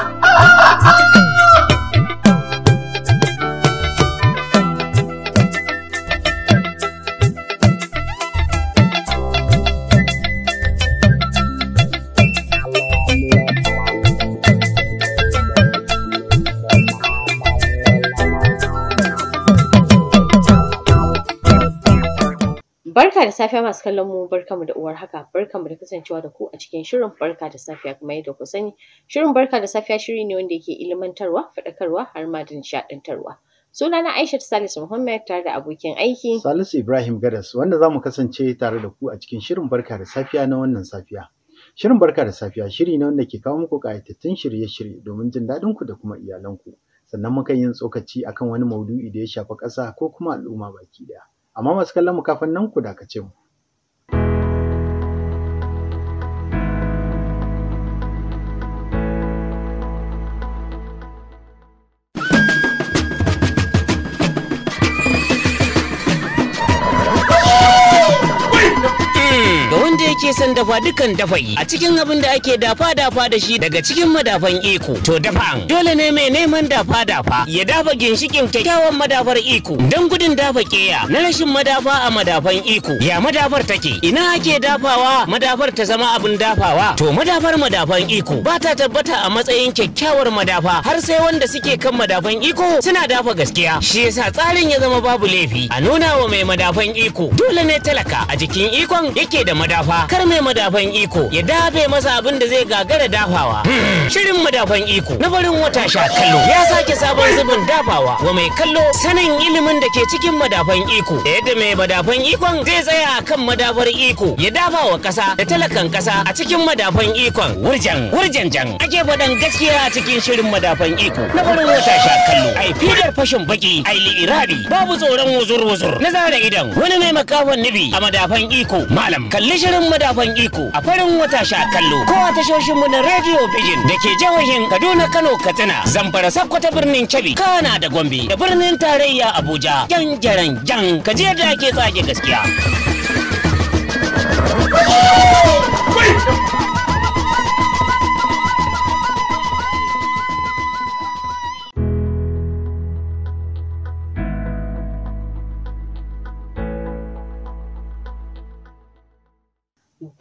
Ah! safiya masu kallon mu barka mu da uwar haka barka mu da kasancewa da ku a cikin shirin barka da safiya kuma yadda ku sani shirin barka da safiya shiri ne wanda yake ilimantarwa, faɗakarwa har ma da nishaɗantarwa sunana Aisha Salisu Muhammad tare da abokin aiki Salisu Ibrahim Gadas wanda zamu kasance tare da ku a cikin shirin barka da safiya na wannan safiya shirin barka da safiya shiri ne wanda ke kawo muku ƙayatattun shirye-shirye domin jin daɗin ku da kuma iyalanku sannan mukan yin tsokaci akan wani maudu'i da ya shafi ƙasa ko kuma al'umma baki ɗaya Amma masu kallon mu kafin nan ku dakace mu. wanda yake son dafa dukan yi. a cikin abin da ake dafa dafa da shi daga cikin madafan iko to dafan dole ne mai neman dafa dafa ya dafa ginshikin kyakkyawan madafar iko don gudun dafa keya na rashin madafa a madafan iko ya madafar take ina ake dafawa madafar ta zama abin dafawa to madafar madafan iko ba ta tabbata a matsayin kyakkyawar madafa har sai wanda suke kan madafan iko suna dafa gaskiya shi yasa tsarin ya zama babu laifi a nuna wa mai madafan iko dole ne talaka a jikin ikon yake da madafa madafa kar mai madafan iko ya dafe masa abin da zai gagara dafawa hmm. shirin madafan iko na barin wata sha kallo ya sake sabon zubin dafawa wa mai kallo sanin ilimin da ke cikin madafan iko da yadda mai madafan ikon zai tsaya a kan madafar iko ya dafa wa kasa da talakan kasa a cikin madafan ikon wurjan wurjan jan ake faɗan gaskiya a cikin shirin madafan iko na barin wata sha kallo ai fidar fashin baki ai li'irabi babu tsoron wuzur wuzur na zara idan wani mai makafan nibi a madafan iko malam kalli shirin shirin madafan iko a farin wata sha kallo ko a tashoshin mu na radio vision da ke jihohin Kaduna Kano Katsina Zamfara Sokoto birnin cabi Kana da Gombe da birnin tarayya Abuja jan jaran jan ka je da ake tsage gaskiya.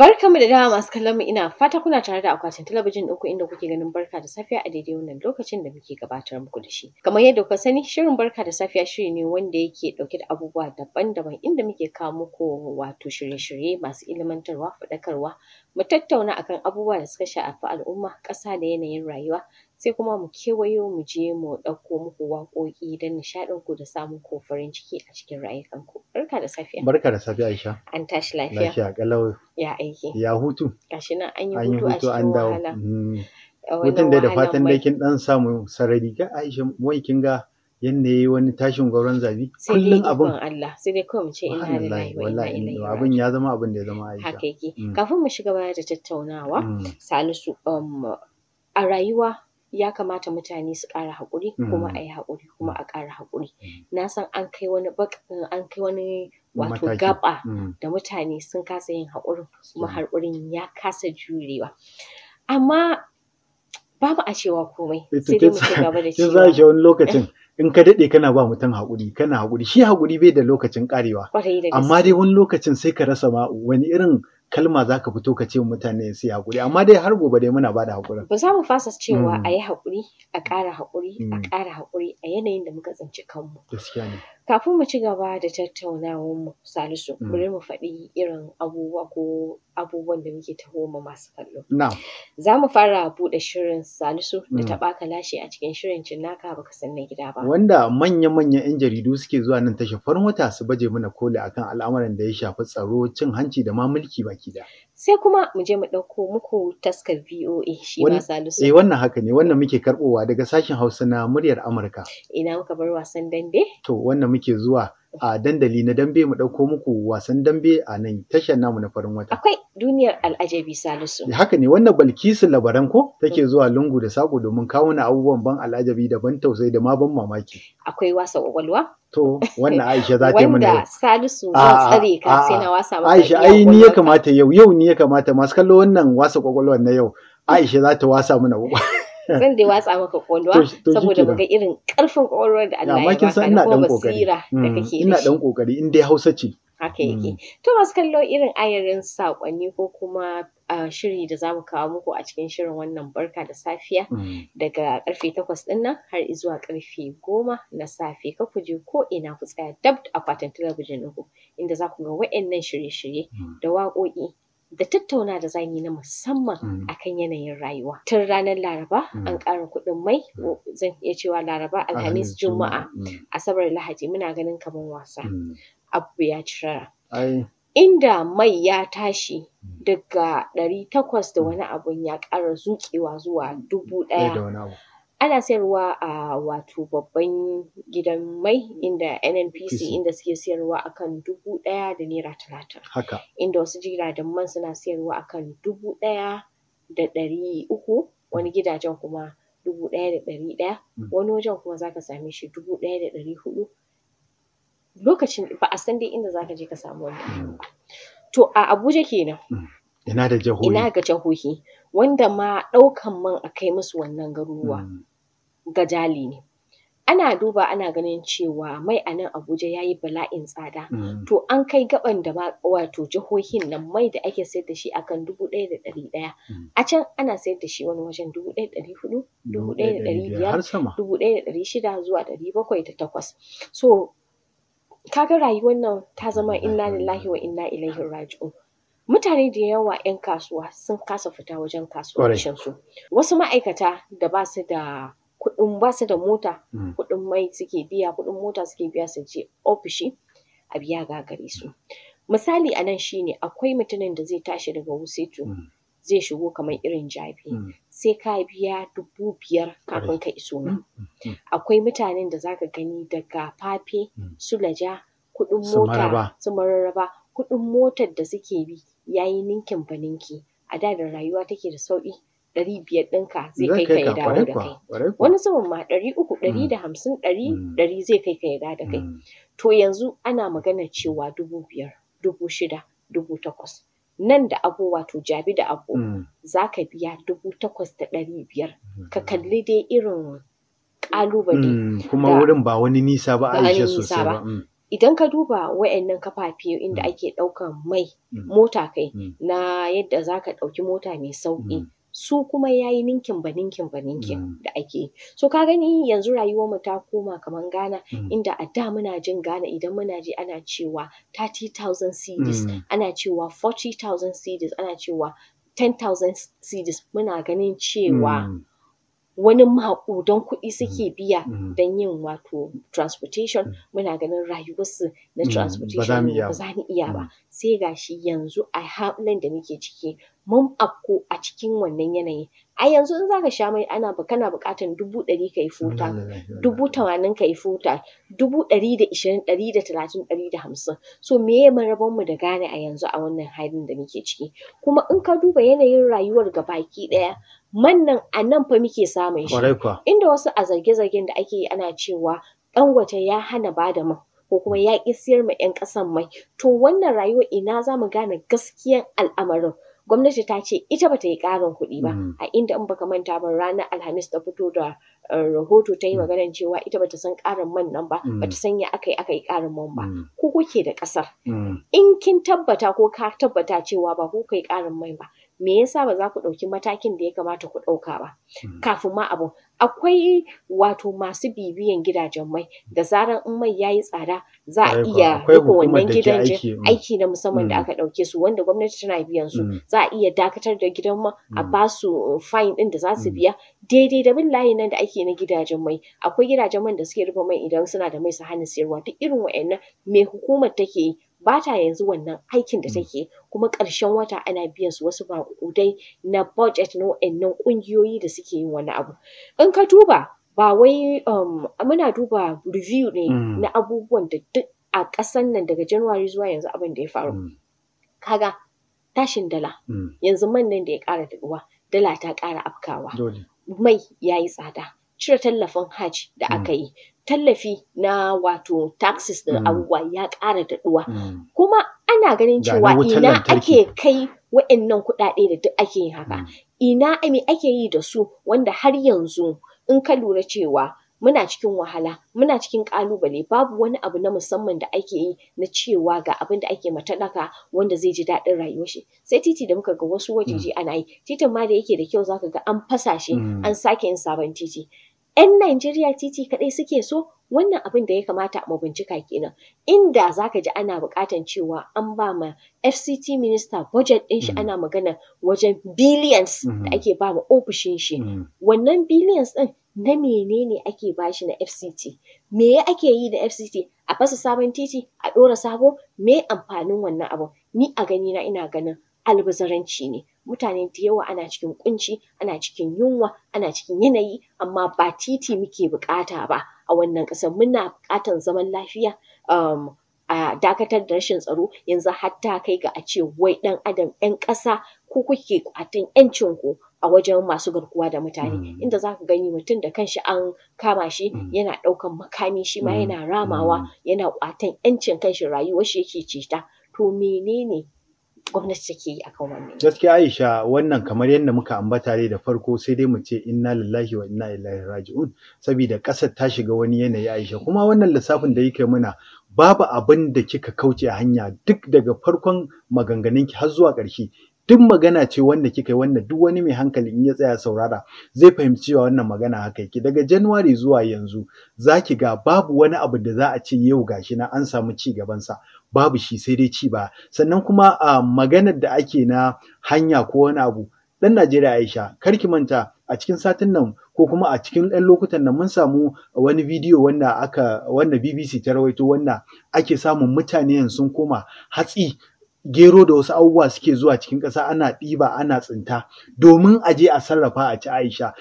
mu da dama masu kallon mu ina fata kuna tare da akwatin talabijin ɗinku inda kuke ganin barka da safiya a daidai wannan lokacin da muke gabatar muku da shi. Kamar yadda kuka sani shirin barka da safiya shiri ne wanda yake ɗauke da abubuwa daban-daban inda muke kawo muku wato shirye-shirye masu ilmantarwa, faɗakarwa, mu tattauna akan abubuwa da suka shafi al'umma, ƙasa da yanayin rayuwa sai kuma mu kewayo mu je mu ɗauko muku waƙoƙi don nishaɗin ku da samun ku farin ciki a cikin ra'ayikan ku. Barka da safiya. Barka da safiya Aisha. An tashi lafiya. Lafiya ƙalau Ya aiki. Ya hutu. Gashi nan an yi hutu a cikin wahala. Hutun mm. dai da fatan dai kin ɗan samu sarari ga Aisha wai kin ga yadda ya yi wani tashin gwauron zabi kullum abin Allah sai dai kawai mu ce inna lillahi wa inna ilaihi abin ya zama abin da ya zama aisha haka yake mm. kafin mu shiga baya da tattaunawa mm. Salisu um, a rayuwa ya kamata mutane su ƙara haƙuri kuma mm. a yi haƙuri kuma a ƙara haƙuri mm. na san an kai wani eh, an kai wani wato gaba mm. da mutane sun kasa yin haƙurin kuma haƙurin ya kasa jurewa amma babu a cewa komai eh, sai dai mu ci gaba da cewa kin wani lokacin in ka daɗe kana ba mutum haƙuri kana haƙuri shi haƙuri bai da lokacin karewa amma dai wani lokacin sai ka rasa ma wani irin kalma za ka fito ka ce mutane su yi haƙuri amma dai har gobe dai muna bada haƙurin. Ba za mu fasa cewa hmm. a yi haƙuri a ƙara haƙuri a hmm. ƙara haƙuri a yanayin da muka tsinci kanmu. Gaskiya ne. Kafin mu ci gaba da tattaunawar mu Salisu, mm. bari mu faɗi irin abubuwa ko abubuwan da muke taho ma masu kallo. Za mu fara buɗe shirin Salisu da mm. taɓa lashe a cikin shirin cinnaka baka san na gida ba. Wanda manya-manyan 'yan jaridu suke zuwa nan tashar farin wata su baje mana koli akan al'amuran da ya shafi tsaro, cin hanci da ma mulki baki da. sai kuma mu je mu ɗauko muku taskar VOA shi ma Salisu. Eh wannan haka ne wannan muke karɓowa daga sashen Hausa na muryar Amurka. Ina muka bar wasan dambe? To wannan muke zuwa a dandali na dambe mu ɗauko muku wasan dambe a nan tashar namu na farin wata. Akwai duniyar al'ajabi Salisu. Eh, haka ne wannan Balkisu labaran ko take mm. zuwa lungu da sako domin kawo na abubuwan ban al'ajabi da ban tausayi da ma ban mamaki. Akwai wasa kwakwalwa. To wannan Aisha za ta yi mana Wanda Salisu ya tsare ka sai na wasa ba. Aisha ai ni ya kamata yau yau ni ya kamata masu kallo wannan wasa kwakwalwa na yau. Aisha za ta wasa mana kwakwalwa. zan dai watsa maka kwalwa saboda mu irin karfin kwalwar da Allah ya baka da kuma basira da mm, kake ina dan kokari in dai Hausa ce haka mm. yake to masu kallo irin ayarin sakonni ko kuma shiri da zamu kawo muku a cikin shirin wannan barka da safiya mm. daga karfe takwas din nan har zuwa karfe goma na safe ka ku je ko ina ku tsaya dab da talabijin ku inda za ku ga wa'annan shirye-shirye da waƙoƙi da tattauna da zanyi na musamman mm. akan yanayin rayuwa. Tun ranar Laraba mm. an ƙara kuɗin mai mm. zan iya cewa Laraba Alhamis Juma'a Asabar Lahadi muna ganin kamar wasa. Abu ya cirara. Inda mai ya tashi daga ɗari takwas da wani abun ya ƙara zuƙewa zuwa dubu ɗaya. ana sayarwa a wato babban gidan mai inda nnpc inda suke sayarwa akan dubu ɗaya da naira talatin haka inda wasu jiragen man suna sayarwa akan dubu ɗaya da ɗari uku wani mm. gidajen kuma dubu ɗaya da ɗari ɗaya mm. wani wajen kuma zaka same shi dubu ɗaya da ɗari huɗu lokacin ba a san dai inda zaka je ka samu wannan mm. to a abuja kenan ina da jahohi ina ga jahohi wanda ma ɗaukan man a kai musu wannan garuruwa mm. gajali ne. Ana duba ana ganin cewa mai a nan Abuja ya yi bala'in tsada. Mm. To an kai gaban da ma wato jihohin nan mai da ake sayar da shi akan dubu ɗaya da ɗari ɗaya. Mm. A can ana sayar da shi wani wajen dubu ɗaya da ɗari hudu, dubu ɗaya da ɗari biyar, dubu ɗaya da ɗari shida zuwa ɗari bakwai da takwas. So kaga rayuwar nan ta zama inna lillahi wa inna ilaihi raji'un. mutane da yawa 'yan kasuwa sun kasa fita wajen kasuwancinsu wasu ma'aikata da ba su da kuɗin ba su da mota mm. kuɗin mai suke biya kuɗin mota suke biya su je ofishi a biya gagare su misali a nan shine akwai mutumin da zai tashi daga wusetu mm. zai shigo kamar irin jabi mm. sai ka biya dubu biyar kafin ka iso nan akwai mutanen da za ka gani daga fafe sulaja, laja kuɗin mota su mararraba kuɗin motar da suke bi yayi ninkin ba a da da rayuwa take da sauƙi ɗari biyar ɗinka zai kai ka ya dawo da kai wani zubin ma ɗari uku ɗari mm. da hamsin ɗari mm. ɗari zai kai ka ya dawo da kai mm. to yanzu ana magana cewa dubu biyar dubu shida dubu takwas nan da abu wato jabi da abu za ka biya dubu takwas da ɗari biyar ka kalli dai irin ƙalubale kuma wurin ba wani nisa ba yi sosai ba idan ka duba wa'annan kafafe inda ake ɗaukan mai mota kai na yadda za ka ɗauki mota mai sauƙi su kuma ya yi ninkin ba ninkin ba ninkin mm. da ake yi so ka gani yanzu rayuwar mu ta koma kamar Ghana mm. inda a da muna jin Ghana idan muna ji ana cewa 30,000 cedis mm. ana cewa 40,000 cedis ana cewa 10,000 cedis muna ganin cewa wani maƙudan kuɗi suke biya don yin wato transportation muna ganin rayuwarsu na transportation ba za mu iya ba sai gashi yanzu a halin da muke ciki mun afko a cikin wannan yanayin. a yanzu in zaka sha mai ana kana buƙatar dubu ɗari kayi futa dubu tamanin kayi futa dubu ɗari da ishirin ɗari da talatin ɗari da hamsin so me meye marabar mu da gane a yanzu a wannan halin da muke ciki kuma in ka duba yanayin rayuwar gabaki ɗaya man nan a nan fa muke samun shi inda wasu a zarge-zargen da ake yi ana cewa ɗan wata ya hana bada man ko kuma ya ƙi siyar ma 'yan ƙasan mai to wannan rayuwar ina za mu gane gaskiyan al'amarin gwamnati ta ce ita bata yi ƙarin kuɗi ba mm. a inda in baka manta ba ranar alhamis ta fito da eh, rahoto ta yi mm. maganar cewa ita bata san karin man nan ba mm. bata san ya aka yi aka yi ƙarin man ba ko kuke da ƙasar in kin tabbata ko ka tabbata cewa ba ku kai ƙarin mai ba me yasa ba za ku ɗauki matakin da ya kamata ku ɗauka ba hmm. kafin ma abu akwai wato masu bibiyan gidajen mai da zaran in mai yayi tsada za a iya duka wannan gidan hmm. aiki na musamman da hmm. aka ɗauke su wanda gwamnati tana biyan su za a iya dakatar da gidan ma a ba su uh, fine ɗin da za su biya daidai da bin layi nan da ake na gidajen mai akwai gidajen man da suke rufe mai idan suna da mai su hana siyarwa duk irin wa'annan me hukumar take yi ba ta yanzu wannan aikin da mm. take kuma ƙarshen wata ana biyan su wasu baƙudai na budget na wa'annan ƙungiyoyi da suke yin wani abu in ka duba ba wai um, muna duba review ne mm. na abubuwan da duk a ƙasan nan daga january zuwa yanzu abin da ya faru mm. kaga tashin dala yanzu man nan da ya ƙara daɗuwa dala ta ƙara afkawa mai ya yi tsada cire tallafin hajj da aka yi tallafi na wato taxes da mm. abubuwa ya ƙara daɗuwa mm. kuma ana ganin cewa ina ake kai wa'annan kuɗaɗe da duk ake yi haka mm. ina ame ake yi da su wanda har yanzu in ka lura cewa muna cikin wahala muna cikin ƙalubale, babu wani abu na musamman da ake yi na cewa ga abin da ake matalaka wanda zai ji daɗin rayuwar shi sai titi da muka ga wasu wajeje ana yi titin ma da yake da kyau zaka ga an fasa shi an sake yin sabon titi 'yan Najeriya titi kaɗai suke so wannan abin da ya kamata mu bincika kenan inda zaka ji ana buƙatan cewa an ba ma FCT minister budget ɗin shi mm. ana magana wajen billions da mm-hmm. ake ba ma ofishin shi mm. wannan billions ɗin na menene ake bashi na FCT me ya ake yi da FCT a fasa sabon titi a ɗora sabo me amfanin wannan abu ni a gani na ina ganin albazaranci ne mutane da yawa ana cikin ƙunci, ana cikin yunwa ana cikin yanayi amma ba titi muke bukata ba a wannan ƙasar muna bukatan zaman lafiya um, a dakatar da rashin tsaro yanzu hatta kai ga a ce wai ɗan adam 'yan ƙasa ko kuke kwatan 'yancin a wajen masu garkuwa da mutane mm. inda za ka gani mutum da kanshi an kama shi mm. yana ɗaukan makami shi ma mm. yana ramawa yana kwatan 'yancin kanshi rayuwar shi yake ceta to menene gwamnati take yi akan wannan gaskiya Aisha wannan kamar yadda muka ambata dai da farko sai dai mu ce inna lillahi wa inna ilaihi raji'un saboda ƙasar ta shiga wani yanayi Aisha kuma wannan lissafin da yake muna babu abin da kika kauce a hanya duk daga farkon maganganunki har zuwa ƙarshe duk magana ce wanda kika yi wanda duk wani mai hankali in ya tsaya saurara zai fahimci cewa wannan magana haka yake daga Januwari zuwa yanzu zaki ga babu wani abu da za a ce yau gashi na an samu ci gaban sa babu shi sai dai ci ba sannan kuma a maganar da ake na hanya ko wani abu dan Najeriya Aisha kar ki manta a cikin satin nan ko kuma a cikin ɗan lokutan nan mun samu wani bidiyo wanda aka wanda BBC ta rawaito wanda ake samun mutane yanzu sun koma hatsi gero da wasu abubuwa suke zuwa cikin ƙasa ana ɗiba ana tsinta domin a je a sarrafa a ci Aisha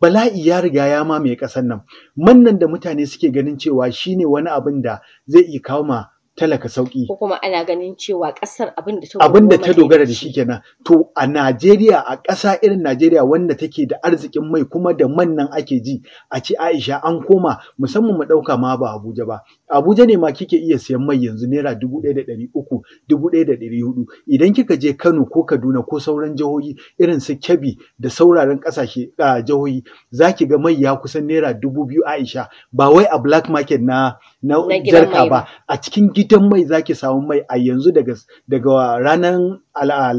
bala'i ya riga ya mamaye ƙasar nan mannan da mutane suke ganin cewa shine wani abin da zai iya kawo ma talaka sauki ko kuma ana ganin cewa kasar abin da ta abin da ta dogara da shi kenan to a Najeriya a ƙasa irin Najeriya wanda take da arzikin mai kuma da man nan ake ji a ci Aisha an koma musamman mu ɗauka ma ba Abuja ba Abuja ne ma kike iya siyan mai yanzu naira dubu ɗaya da ɗari uku dubu ɗaya da ɗari hudu idan kika je Kano ko Kaduna ko sauran jihohi irin su Kebbi da sauraren ƙasashe jihohi za ki ga mai ya kusan naira dubu biyu Aisha ba wai a black market na na jarka ba a cikin litan mai zaki samu mai a yanzu daga ranar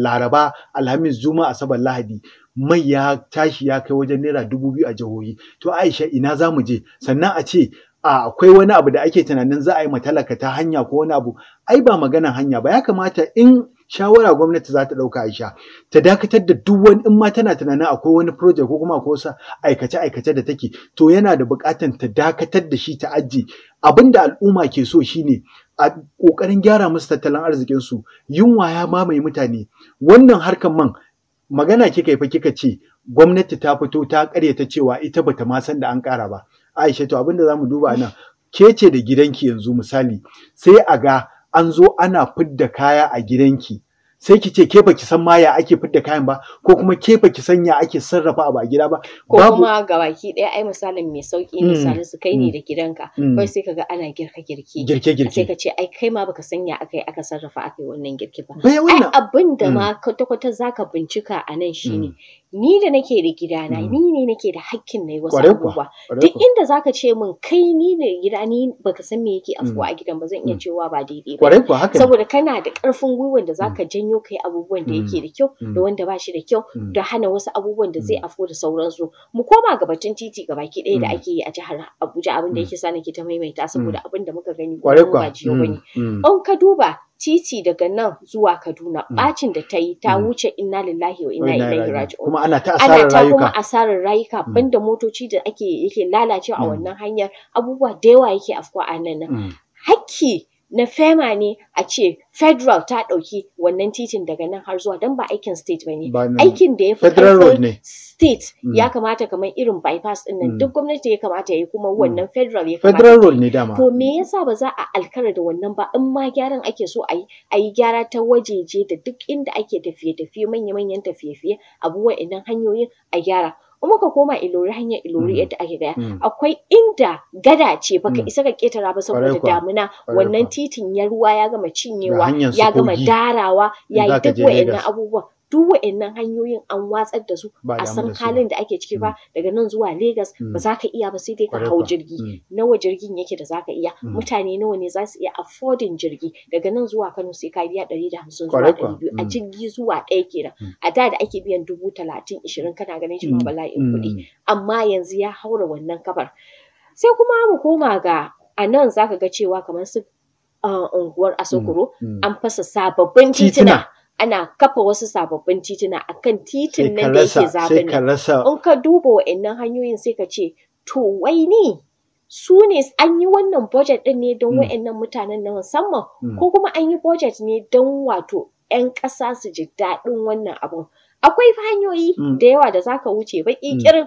laraba alhamis juma asabar lahadi mai ya tashi ya kai wajen naira dubu biyu a jihohi to aisha ina za mu je sannan a ce akwai wani abu da ake tunanin za a yi matalaka ta hanya ko wani abu ai ba maganan hanya ba ya kamata in shawara gwamnati za ta ɗauka aisha ta dakatar da duk wani in ma tana tunanin akwai wani project ko kuma akwai wasu aikace aikace da take to yana da buƙatar ta dakatar da shi ta aji abin da al'umma ke so shine a ƙoƙarin gyara musu tattalin arzikinsu yunwa ya mamaye mutane wannan harkar man magana kika yi fa kika ce gwamnati ta fito ta karyata cewa ita bata ma san da an ƙara ba Aisha to abinda zamu duba nan ke ce da gidanki yanzu misali sai a ga an zo ana fidda kaya a gidanki sai ki ce ke ki san maya ake fidda kayan ba ko kuma ke ba san ya ake sarrafa a a gida ba ko kuma ga baki daya ai misalin mai sauki mm, misalin su kai ne mm, da gidanka mm. kai sai kaga ana girka girki girke girke sai ka ce ai kai ma baka san ya akai aka sarrafa akai wannan girki ba ai abin ma kwata kwata zaka bincika a nan shine ni da nake da gidana mm. ni ne nake da hakkin na yi wasu abubuwa duk inda zaka ce min kai ni ne gida ni baka san me yake afuwa mm. a gidan ba zan iya mm. cewa ba daidai ba saboda kana da karfin gwiwan da zaka janyo kai abubuwan da yake da kyau da wanda ba shi da kyau da hana wasu abubuwan da zai afu da sauransu mu koma ga batun titi ga baki ɗaya da ake yi a jihar Abuja abin da yake sa nake ta maimaita saboda abin da muka gani ba jiyo bane an ka duba titi daga nan zuwa Kaduna mm. bacin da ta yi ta mm. wuce inna lillahi wa inna ilaihi raji'un kuma ana ta asarar rayuka kuma mm. asarar rayuka banda motoci da ake yake lalacewa a wannan hanyar abubuwa da yawa yake afkuwa a nan hakki na FEMA ne a ce federal ta ɗauki wannan titin daga nan har zuwa don ba aikin state ba ne. Aikin da ya fi ƙarfin state mm. ya kamata kamar irin bypass ɗin nan mm. duk gwamnati ya kamata ya yi kuma mm. wannan federal ya Federal road ne dama. To me yasa ba za a alkara da wannan ba in ma gyaran ake so a yi a yi gyara ta wajeje da duk inda ake tafiye-tafiye manya-manyan tafiye-tafiye abubuwan idan hanyoyin a gyara. in muka koma ilori hanyar ilori mm-hmm. yadda ake gaya mm-hmm. akwai inda gada ce baka mm. isa ka ketara ba saboda damuna wannan titin ya ruwa ya gama cinyewa ya gama darawa ya yi duk wayannan abubuwan. duk wa'annan hanyoyin an watsar da su a san halin da ake ciki ba mm. daga nan zuwa Legas ba mm. za ka iya ba sai dai ka hau jirgi mm. nawa jirgin yake da za ka iya mutane nawa ne za su iya affording jirgi daga nan zuwa Kano sai ka biya ɗari zuwa ɗari a jirgi zuwa ɗaya kenan a da da ake biyan dubu talatin ishirin kana ganin shi ba bala'in kuɗi amma yanzu ya haura wannan kabar sai kuma mu koma ga a nan za ka ga cewa kamar su ah, unguwar Asokoro an fasa sababbin tituna. ana kafa wasu sababbin tituna a kan titin nan da yake zaɓin in ka duba wa'annan hanyoyin sai ka ce to wai ni su ne an yi wannan budget din ne don hmm. wa'annan mutanen na musamman hmm. ko kuma an yi budget ne don wato 'yan ƙasa su ji daɗin wannan abu? akwai hanyoyi hmm. da yawa da za ka wuce ba kirin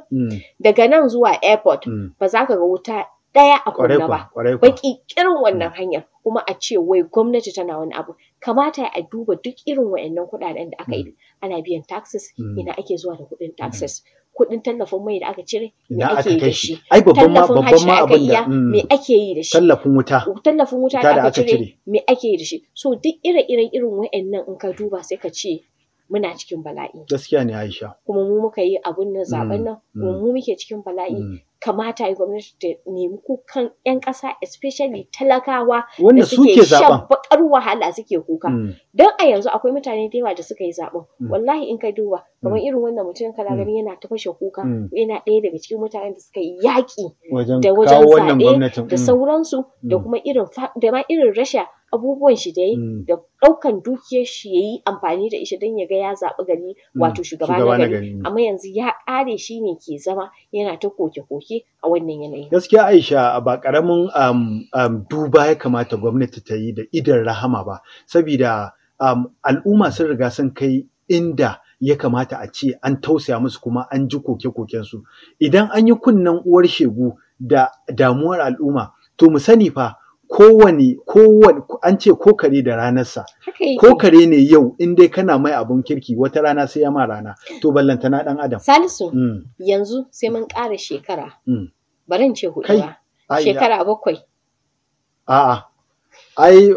daga nan zuwa airport ba za ka ga wuta ɗaya a kwanne ba ba kirin wannan hanyar kuma a ce wai gwamnati tana wani abu kamata a duba duk irin wayannan kuɗaɗen da aka yi mm. ana biyan taxes mm. ina ake zuwa da kuɗin mm. taxes kuɗin tallafin mai da aka cire me ake yi da shi babban ma abin da me ake yi da shi tallafin wuta tallafin wuta da aka cire me ake yi da shi so duk ire-iren irin wayannan in ka duba sai ka ce muna cikin bala'i gaskiya ne Aisha kuma mu muka yi abun nan zaben nan kuma mu muke cikin bala'i kamata yi gwamnati ta nemi kukan 'yan ƙasa especially talakawa da suke shan bakar wahala suke kuka mm. don a yanzu akwai mutane da yawa da suka yi zaɓen mm. wallahi in ka duba kamar mm. irin wannan mutum kana gani yana ta fashe kuka yana ɗaya daga cikin mutanen da suka yi yaƙi da wajen zaɓe da sauransu da kuma irin da ma irin rasha abubuwan shi da yi da ɗaukan dukiyar shi ya yi amfani da ishe don ya ga ya zaɓi gari wato shugaba na gari amma yanzu ya ƙare shi ne ke zama yana ta koke-koke ciki a wannan yanayi. Gaskiya Aisha ba karamin um, um, duba ya kamata gwamnati ta yi da idan rahama ba, saboda um, al'umma sun riga sun kai inda ya kamata a ce an tausaya musu kuma an ji koke-kokensu. Idan an yi kunnen uwar shegu da damuwar al'umma, to mu sani fa kowane kowane an ce ko kare da ranarsa ko kare ne yau in dai kana mai abun kirki wata rana sai ya ma rana to ballanta na dan adam salisu mm. yanzu sai mun ƙara shekara mm. barin ce hudu ba shekara bakwai a'a ai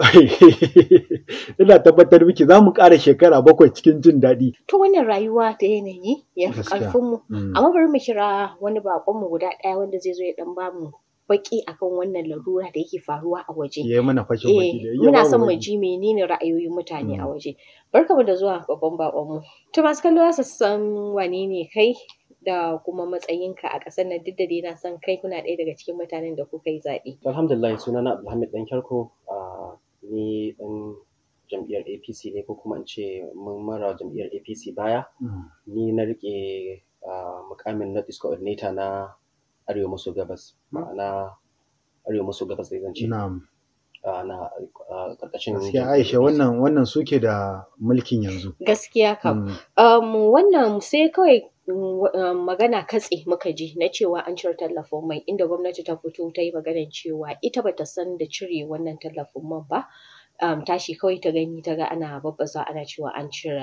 ina tabbatar miki za mu ƙara shekara bakwai cikin jin daɗi. To wannan rayuwa da yanayi ya fi ƙarfinmu, mm. amma bari mu kira wani baƙonmu guda ɗaya wanda zai zo ya ɗan bamu baki akan wannan larura da yake faruwa a waje. Ya mana fashin eh, baki da Muna son mu ji menene ra'ayoyin mutane a mm. waje. Barkamu da zuwa babban babanmu To masu kallo za su san wane ne kai da kuma matsayinka a ƙasar nan duk da dai na san kai kuna ɗaya daga cikin mutanen da kuka yi zaɓe. Alhamdulillah suna sunana Abdulhamid Ɗankyarko ni ɗan jam'iyyar APC ne ko kuma in ce mun mara jam'iyyar APC baya. Mm. Ni na riƙe mukamin North East Coordinator na arewa maso gabas ma'ana arewa maso gabas da zance na'am na karkashin gaskiya Aisha wannan wannan suke da mulkin yanzu gaskiya kam mm. um, wannan sai kawai um, magana katse muka ji na cewa an cire tallafin mai inda gwamnati ta fito ta yi maganar cewa ita bata san da cire wannan tallafin man ba um, tashi kawai ta gani ta ga ana babbaza ana cewa an cire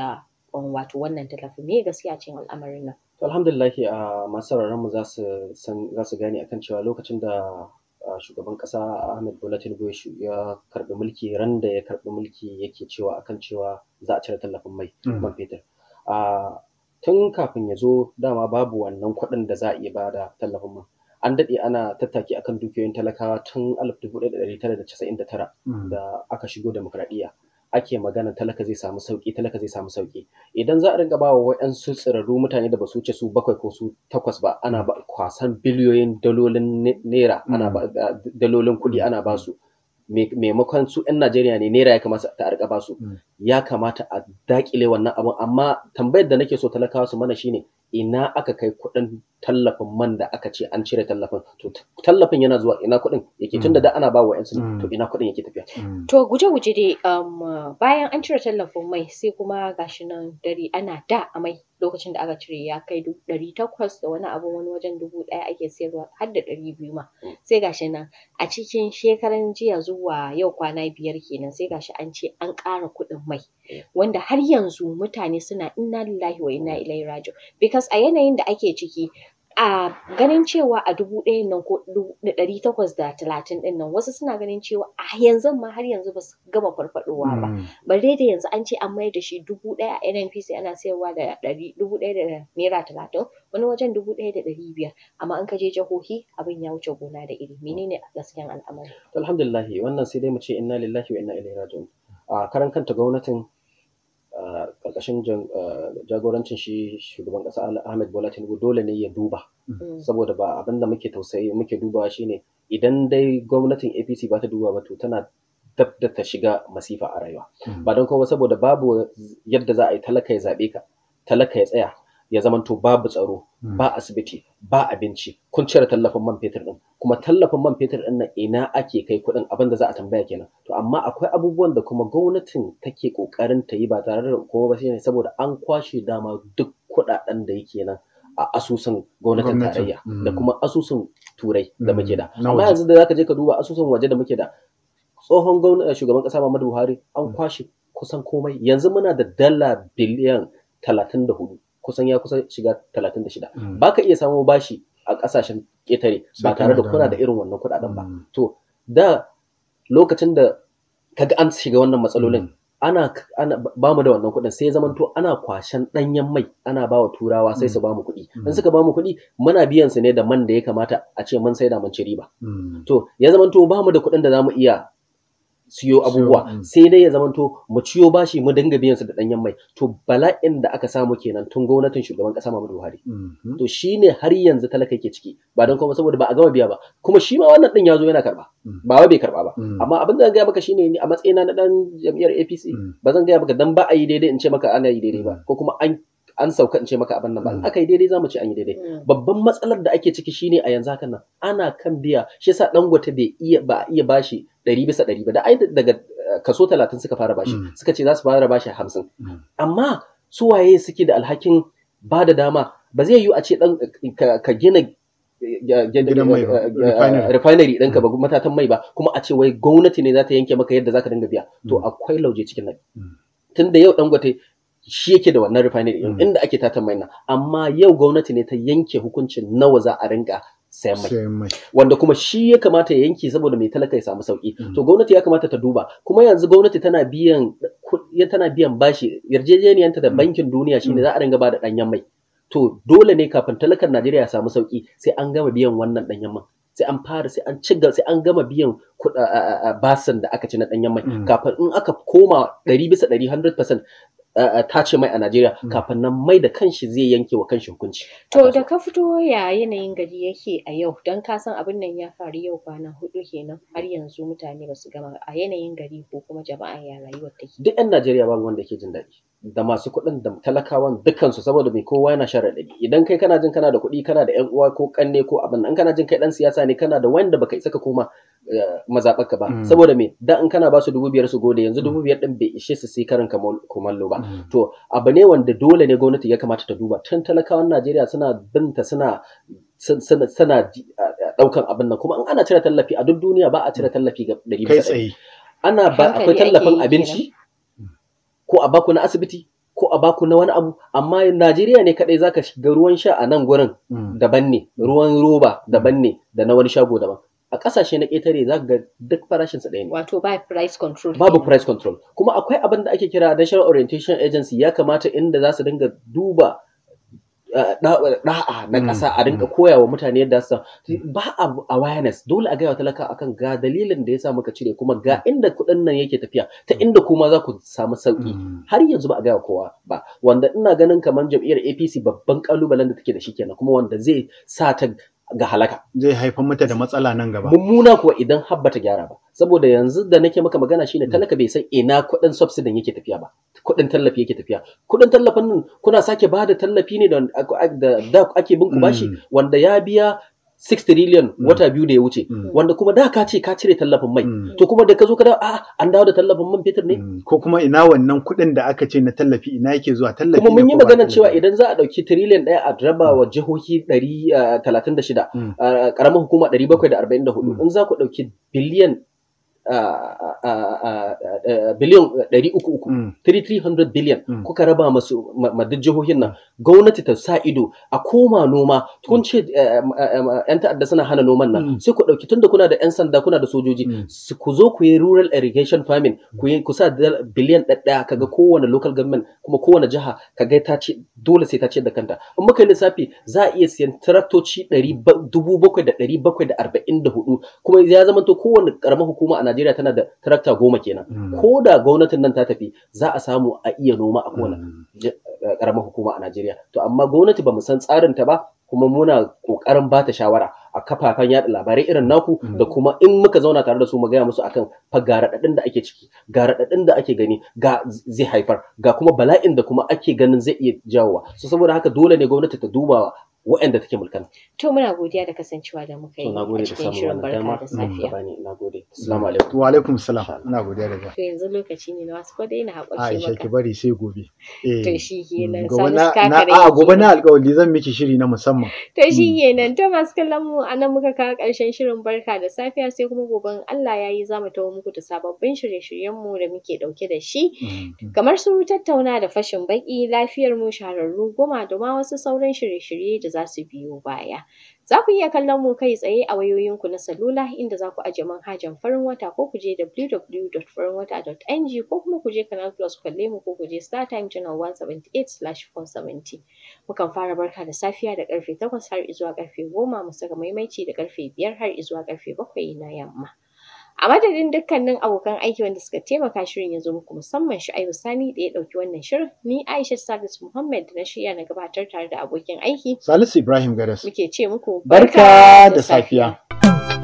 wato wannan tallafin me gaskiya cikin al'amarin nan Alhamdulillahi a masu sauraronmu za su gani za su gane akan cewa lokacin da shugaban ƙasa Ahmed Bola Tinubu ya karbi mulki ran da ya karbi mulki yake cewa akan cewa za a cire tallafin mai mm. man fetur. Tun kafin ya zo dama babu wannan kudin da za a iya bada tallafin man. An daɗe ana tattaki akan dukiyoyin talakawa tun alif dubu da mm. da aka shigo demokradiyya. ake magana talaka zai samu sauki talaka zai samu sauki idan za a ringa ba wa waɗansu tsirarru mutane da ba su wuce su bakwai ko su takwas ba ana ba kwasan biliyoyin dalolin naira ana ba dalolin kuɗi ana ba su maimakon su 'yan Najeriya ne naira ya kamata ta arka basu mm. ya kamata a daƙile wannan abun amma tambayar da nake so talakawa su mana shine ina aka kai kuɗin tallafin man da aka ce an cire tallafin to tallafin yana zuwa ina kuɗin yake tunda mm. da ana ba wa 'yan mm. to ina kuɗin yake tafiya to guje-guje dai um, bayan an cire tallafin mai sai kuma gashi nan dare ana da amai lokacin da aka cire ya kai ɗari takwas da wani abu wani wajen dubu ɗaya ake sayarwa har da ɗari biyu ma sai gashi nan a cikin shekaran jiya zuwa yau kwana biyar kenan sai gashi an ce an ƙara kuɗin mai wanda har yanzu mutane suna inna lillahi wa inna ilaihi raji'un because a yanayin da ake ciki a ganin cewa a dubu ɗaya nan ko da ɗari takwas da talatin ɗin nan wasu suna ganin cewa a yanzu ma har yanzu ba su gama farfadowa ba hmm. bare da yanzu an ce an mayar da shi dubu ɗaya a nnpc ana sayarwa da ɗari dubu ɗaya da naira talatin wani wajen dubu ɗaya da ɗari biyar amma an kaje jihohi abin ya wuce gona da iri menene gaskiyan al'amari alhamdulillah wannan sai dai mu ce inna lillahi wa inna ilaihi raji'un a karan kanta gwamnatin karkashin eh, jagorancin shi shugaban kasa Ahmed Bola Tinubu dole ne ya duba mm. saboda ba abin da muke tausayi muke duba shine idan dai gwamnatin APC ba ta duba ba to tana tab da ta shiga masifa a rayuwa mm. ba don kowa saboda babu yadda za a yi talaka ya zabe ka talaka ya tsaya ya zamanto babu tsaro hmm. ba asibiti ba abinci kun cire tallafin man fetur din kuma tallafin man fetur din nan ina ake kai kuɗin abin da za a tambaya kenan to amma akwai abubuwan da kuma gwamnatin take kokarin ta yi ba tare da kuma ba shine saboda an kwashe dama duk kuɗaɗen da yake nan a asusun gwamnatin tarayya da hmm. kuma asusun turai da hmm. muke da amma yanzu da zaka je ka duba asusun waje da muke da tsohon gwamnatin shugaban ƙasa Muhammadu Buhari an kwashe kusan komai yanzu muna da dala biliyan talatin da hudu kusan ya kusa shiga 36 mm. ba ka iya samo bashi a ƙasashen ƙetare ba tare da kuna da irin wannan kuɗaɗen ba mm. to da lokacin da ga an shiga wannan matsalolin mm. ana ana ba mu da wannan kuɗin sai zamanto ana kwashen ɗanyen mai ana ba wa turawa sai su ba mu kuɗi in suka ba mu kuɗi muna biyan su ne da man da ya kamata a ce mun da man ci riba to ya zamanto ba mu da kuɗin da za mu iya siyo abubuwa mm. sai dai ya zamanto mu ciyo bashi mu dinga biyan su da danyen mai to bala'in da aka samu kenan tun gwamnatin shugaban kasa Muhammadu Buhari mm-hmm. to shine har yanzu talaka yake ciki ba don kuma saboda ba a gama biya ba kuma shi ma wannan din yazo yana karba mm. ba wai bai karba ba mm. amma abin da zan gaya maka shine ni a matsayina na dan jam'iyyar APC ba zan gaya maka dan ba a yi daidai in ce maka ana yi daidai ba ko kuma an an sauka in ce maka abin nan ba mm. aka yi daidai zamu ce an yi daidai mm. babban matsalar da ake ciki shine a yanzu haka nan ana kan biya shi yasa dangote bai iya ba iya bashi ɗari bisa ɗari ba da ai daga eh, kaso talatin suka fara bashi mm. suka ce za su fara bashi hamsin amma su waye suke da alhakin ba da dama ba zai yiwu a ce dan ka gina eh, eh, refinery ɗinka ba matatan mai ba kuma a ce wai gwamnati ne za ta yanke maka yadda za ka dinga biya to akwai lauje cikin nan tun da yau dangote shi yake da wannan refinery din mm. inda ake tata mai nan amma yau gwamnati ne ta yanke hukuncin nawa za a rinka sayan mai wanda kuma shi ya kamata ya yanke saboda mai talaka ya samu sauki mm. to gwamnati ya kamata ta duba kuma yanzu gwamnati tana biyan tana biyan bashi yarjejeniyanta da mm. bankin duniya shine za a rinka ba da danyen mai to dole ne kafin talakan Najeriya ya samu sauki sai an gama biyan wannan danyen man sai an fara sai an ciga sai an gama biyan basin da aka ci na danyen mai kafin in aka koma bisa 100 100% tace mai a Najeriya mm. kafin nan mai da kanshi zai yanke wa kanshi hukunci. To da ka fito ya yanayin gari yake a yau don ka san abin nan ya faru yau kwana hudu kenan har yanzu mutane ba su gama a yanayin gari ko kuma jama'a ya rayuwa ta ke. Duk 'yan Najeriya babu wanda ke jin daɗi. da masu kuɗin da talakawan dukansu saboda mai kowa yana share raɗaɗi idan kai kana jin kana da kuɗi kana da ƴan uwa ko ƙanne ko abin in kana jin kai ɗan siyasa ne kana da wanda baka isa ka koma mazaɓarka ba mm. saboda me dan in kana ba su dubu biyar su gode yanzu mm. dubu biyar din bai ishe su sai karin kumallo ba mm. to abu ne wanda dole ne gwamnati ya kamata ta duba tun talakawan Najeriya suna binta suna suna daukan abin nan kuma in ana cire tallafi a duk duniya ba a cire tallafi ga ɗari kai tsaye ana ba akwai tallafin abinci ko a baku na asibiti ko a baku na wani abu amma Najeriya ne kadai zaka shiga ruwan sha a nan gurin daban ne ruwan roba daban ne da na wani shago daban a ƙasashe na ƙetare za ga duk farashin sa ɗaya ne wato ba price control babu price control kuma akwai abin da ake kira national orientation agency ya kamata inda za su dinga duba da'a eh, na mm. ƙasa a dinga mm. koya wa mutane yadda su ba a awareness dole a gaya talaka akan ga dalilin da ya sa muka cire kuma ga mm. inda kuɗin nan yake tafiya ta inda kuma za ku samu sauƙi har yanzu ba a gaya kowa ba wanda ina ganin kamar jam'iyyar APC babban kalubalen da take da shi kenan kuma wanda zai sa ta ga halaka zai haifar mata da matsala nan gaba mummuna kuwa idan habba ta gyara ba saboda yanzu da nake maka magana shine mm. talaka bai san ina kuɗin subsidin yake tafiya ba kuɗin tallafi yake tafiya kuɗin tallafin nan kuna sake ba da tallafi ne da ake bin ku bashi mm. wanda ya biya 6 trillion mm. wata biyu da ya wuce mm. wanda kuma da ka ce ka cire tallafin mai mm. to kuma da ka zo ka dawo a ah, an dawo da tallafin man fetur ne ko kuma ina wannan kuɗin da aka ce na tallafi ina yake zuwa tallafi kuma mun yi magana cewa idan za a dauki trillion ɗaya a raba wa jihohi 136 karamar eh, hukuma 744 in za ku ɗauki biliyan biliyan ɗari uku uku 300 mm. biliyan mm. kuka raba masu madadin jihohin nan gwamnati ta sa ido a koma noma kun mm. ce eh, eh, yan ta'adda suna hana noman nan sai ku ɗauki tunda kuna da yan sanda kuna da sojoji ku zo ku yi rural irrigation farming ku sa biliyan ɗaya kaga kowane local government kuma kowane jiha kaga ta ce dole sai ta ce da kanta in muka yi lissafi za a iya siyan taraktoci dubu bakwai da dari bakwai da arba'in da hudu kuma ya zama to kowane ƙaramar hukuma a Najeriya tana da tarakta goma kenan mm. ko da gwamnatin nan ta tafi za a samu a iya noma a kona karamar mm. eh, hukuma a Najeriya to amma gwamnati ba mu san tsarin ta ba kuma muna kokarin bata shawara a kafafen yaɗa labarai irin naku mm. da kuma in muka zauna tare da su mu gaya musu akan fa garadadin da ake ciki garadadin da ake gani ga zai haifar ga kuma bala'in da kuma ake ganin zai iya jawowa so saboda haka dole ne gwamnati ta dubawa waɗanda take mulkan. To muna godiya da kasancewa da muka yi a cikin shirin barka da safiya. Na gode. Assalamu alaikum. Wa alaikum salam. Ina godiya da To yanzu lokaci ne na wasu ko dai na haƙurce maka. Aisha ki bari sai gobe. Eh. To shi kenan. Mm, gobe na a gobe na alƙawari zan miki shiri na musamman. To mm. shi kenan. To masu kallon mu anan muka kawo ƙarshen shirin barka da safiya sai kuma goben Allah ya yi za mu tawo muku da sababbin shirye-shiryen mu da muke ɗauke da shi. Mm. Kamar su tattauna da fashin baƙi lafiyar mu shahararru goma da ma wasu sauran shirye-shirye da za su biyo baya. Za ku iya kallon mu kai tsaye a wayoyinku na salula inda za ku ajiye manhajan farin wata ko ku je www.farinwata.ng ko kuma ku je Canal Plus kalle mu ko ku je Star Time Channel 178/470. Mukan fara barka da safiya da karfe 8 har izuwa karfe goma mu saka maimaici da karfe biyar har izuwa karfe bakwai na yamma. A madadin dukkanin abokan aiki wanda suka taimaka shirin ya zo muku musamman Shu'aibu Sani da ya ɗauki wannan shirin, ni Aisha Sabis Muhammad na shirya na gabatar tare da abokin aiki. Salisu Ibrahim Gadas. Muke ce muku barka da safiya.